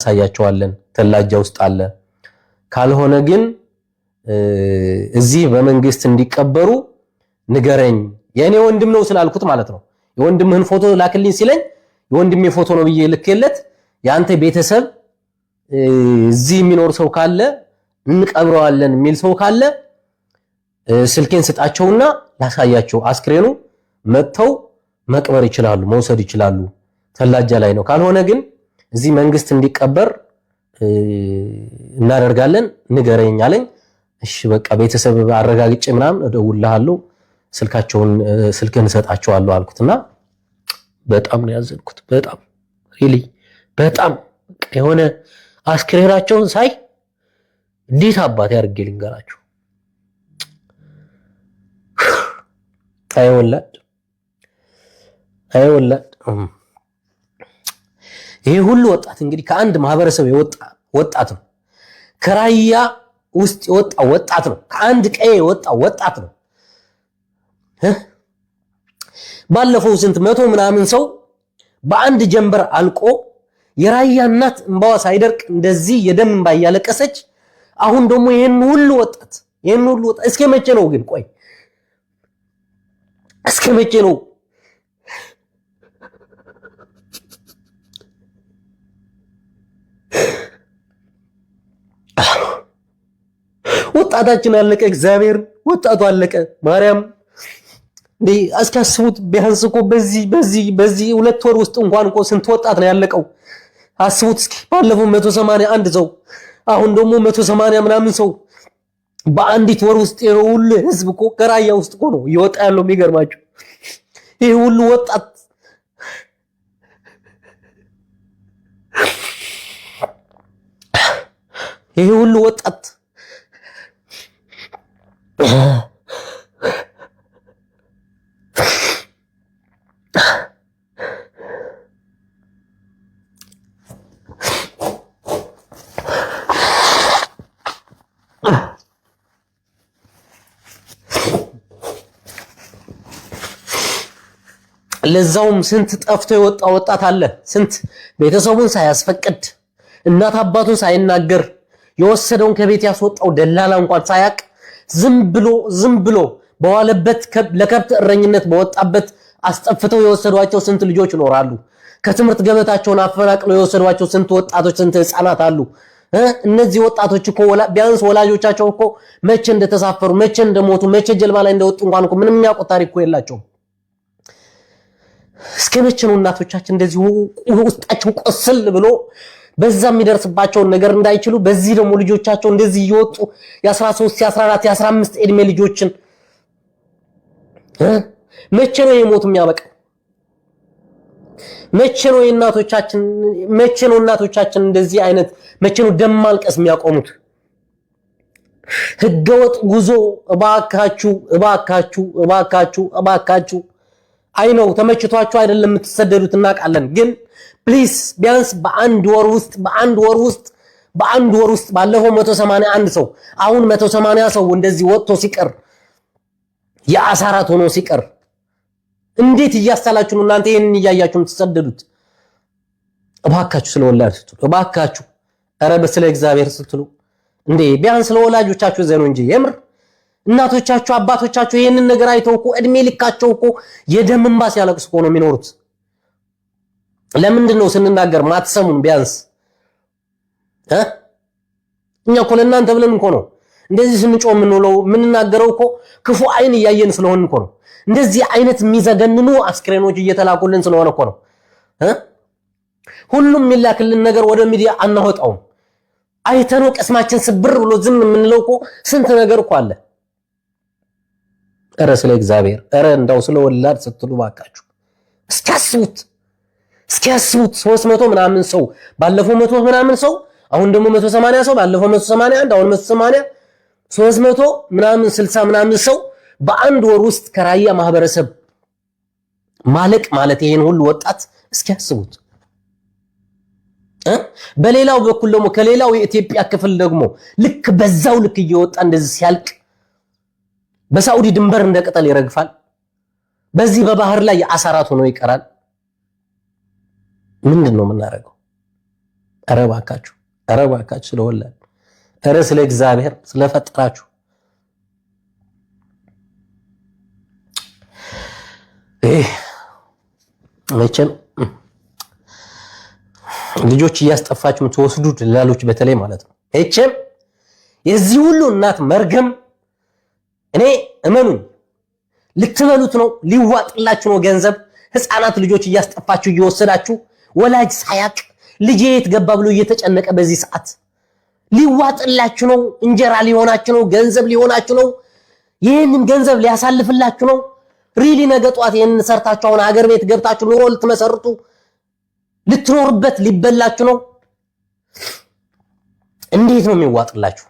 ያሳያቸዋለን ተላጃ ውስጥ አለ። ካልሆነ ግን እዚህ በመንግስት እንዲቀበሩ ንገረኝ፣ የእኔ ወንድም ነው ስላልኩት ማለት ነው። የወንድምህን ፎቶ ላክልኝ ሲለኝ የወንድሜ ፎቶ ነው ብዬ ልክለት፣ የአንተ ቤተሰብ እዚህ የሚኖር ሰው ካለ እንቀብረዋለን የሚል ሰው ካለ ስልኬን ስጣቸውና ላሳያቸው። አስክሬኑ መጥተው መቅበር ይችላሉ፣ መውሰድ ይችላሉ። ተላጃ ላይ ነው። ካልሆነ ግን እዚህ መንግስት እንዲቀበር እናደርጋለን ንገረኝ አለኝ። እሺ በቃ ቤተሰብ አረጋግጬ ምናምን እደውልልሃለሁ ስልካቸውን ስልክን እሰጣቸዋለሁ አልኩትና በጣም ነው ያዘንኩት። በጣም ሪሊ በጣም የሆነ አስክሬናቸውን ሳይ እንዴት አባቴ አድርጌ ልንገራቸው። አይወላድ አይወላድ ይሄ ሁሉ ወጣት እንግዲህ ከአንድ ማህበረሰብ የወጣ ወጣት ነው። ከራያ ውስጥ የወጣ ወጣት ነው። ከአንድ ቀይ የወጣ ወጣት ነው። ባለፈው ስንት መቶ ምናምን ሰው በአንድ ጀንበር አልቆ የራያ እናት እንባዋ ሳይደርቅ እንደዚህ የደም እንባ እያለቀሰች፣ አሁን ደግሞ ይህን ሁሉ ወጣት ይህን ሁሉ ወጣት እስከ መቼ ነው ግን? ቆይ እስከ መቼ ነው ወጣታችን አለቀ። እግዚአብሔር ወጣቱ አለቀ። ማርያም እንዴ እስኪያስቡት ቢያንስ እኮ በዚህ በዚህ በዚህ ሁለት ወር ውስጥ እንኳን እኮ ስንት ወጣት ነው ያለቀው? አስቡት እስኪ ባለፈው መቶ ሰማንያ አንድ ሰው አሁን ደግሞ መቶ ሰማንያ ምናምን ሰው በአንዲት ወር ውስጥ የሆነ ሁሉ ህዝብ እኮ ከራያ ውስጥ እኮ ነው እየወጣ ያለው። የሚገርማቸው ይህ ሁሉ ወጣት ይህ ሁሉ ወጣት ለዛውም ስንት ጠፍቶ የወጣ ወጣት አለ። ስንት ቤተሰቡን ሳያስፈቅድ እናት አባቱን ሳይናገር የወሰደውን ከቤት ያስወጣው ደላላ እንኳን ሳያቅ ዝም ብሎ ዝም ብሎ በዋለበት ለከብት እረኝነት በወጣበት አስጠፍተው የወሰዷቸው ስንት ልጆች ይኖራሉ። ከትምህርት ገበታቸውን አፈናቅለው የወሰዷቸው ስንት ወጣቶች፣ ስንት ህፃናት አሉ። እነዚህ ወጣቶች እኮ ቢያንስ ወላጆቻቸው እኮ መቼ እንደተሳፈሩ፣ መቼ እንደሞቱ፣ መቼ ጀልባ ላይ እንደወጡ እንኳን እኮ ምንም የሚያውቁት ታሪክ እኮ የላቸውም። እስከ መቼ ነው እናቶቻችን እንደዚህ ውስጣቸው ቆስል ብሎ በዛ የሚደርስባቸውን ነገር እንዳይችሉ በዚህ ደግሞ ልጆቻቸው እንደዚህ እየወጡ የ13 የ14 የ15 እድሜ ልጆችን መቼ ነው የሞት የሚያበቃው? መቼ ነው የእናቶቻችን መቼ ነው እናቶቻችን እንደዚህ አይነት መቼ ነው ደም ማልቀስ የሚያቆሙት? ህገወጥ ጉዞ እባካችሁ እባካችሁ እባካችሁ እባካችሁ አይ ነው ተመችቷችሁ አይደለም የምትሰደዱት እናውቃለን። ግን ፕሊስ ቢያንስ በአንድ ወር ውስጥ በአንድ ወር ውስጥ በአንድ ወር ውስጥ ባለፈው 181 ሰው አሁን 180 ሰው እንደዚህ ወጥቶ ሲቀር የአሳራት ሆኖ ሲቀር እንዴት እያሳላችሁ ነው እናንተ ይሄንን እያያችሁ የምትሰደዱት? እባካችሁ ስለወላጅ ስትሉ እባካችሁ፣ ኧረ ስለ እግዚአብሔር ስትሉ እንዴ ቢያንስ ለወላጆቻችሁ ዘኑ እንጂ የምር እናቶቻቸው አባቶቻቸው ይህንን ነገር አይተው እኮ እድሜ ልካቸው እኮ የደም እንባ ሲያለቅሱ እኮ ነው የሚኖሩት። ለምንድን ነው ስንናገር ማትሰሙን? ቢያንስ እኛ እኮ ለእናንተ ብለን እኮ ነው እንደዚህ ስንጮ የምንውለው የምንናገረው እኮ ክፉ አይን እያየን ስለሆን እኮ ነው። እንደዚህ አይነት የሚዘገንኑ አስክሬኖች እየተላኩልን ስለሆነ እኮ ነው። ሁሉም የሚላክልን ነገር ወደ ሚዲያ አናወጣውም። አይተነው ቅስማችን ስብር ብሎ ዝም የምንለው እኮ ስንት ነገር እኮ አለ። እረ ስለ እግዚአብሔር እረ እንዳው ስለ ወላድ ስትሉ ባካችሁ እስኪያስቡት እስኪያስቡት ሶስት መቶ ምናምን ሰው ባለፈው መቶ ምናምን ሰው አሁን ደግሞ መቶ ሰማንያ ሰው ባለፈው መቶ ሰማንያ አንድ አሁን መቶ ሰማንያ ሶስት መቶ ምናምን ስልሳ ምናምን ሰው በአንድ ወር ውስጥ ከራያ ማህበረሰብ ማለቅ ማለት ይሄን ሁሉ ወጣት እስኪያስቡት በሌላው በኩል ደግሞ ከሌላው የኢትዮጵያ ክፍል ደግሞ ልክ በዛው ልክ እየወጣ እንደዚህ ሲያልቅ በሳዑዲ ድንበር እንደ ቅጠል ይረግፋል። በዚህ በባህር ላይ የአሳራት ሆኖ ይቀራል። ምንድን ነው የምናደርገው? ኧረ እባካችሁ፣ ኧረ እባካችሁ፣ ስለወላድ ኧረ ስለ እግዚአብሔር ስለፈጠራችሁ መቼም ልጆች እያስጠፋችሁ የምትወስዱ ደላሎች በተለይ ማለት ነው መቼም የዚህ ሁሉ እናት መርገም እኔ እመኑን ልትበሉት ነው፣ ሊዋጥላችሁ ነው ገንዘብ። ህፃናት ልጆች እያስጠፋችሁ እየወሰዳችሁ ወላጅ ሳያቅ ልጄ የት ገባ ብሎ እየተጨነቀ በዚህ ሰዓት ሊዋጥላችሁ ነው፣ እንጀራ ሊሆናችሁ ነው፣ ገንዘብ ሊሆናችሁ ነው፣ ይህንን ገንዘብ ሊያሳልፍላችሁ ነው። ሪሊ ነገ ጠዋት ይህንን ሰርታችሁ አሁን ሀገር ቤት ገብታችሁ ኑሮ ልትመሰርቱ ልትኖርበት ሊበላችሁ ነው። እንዴት ነው የሚዋጥላችሁ?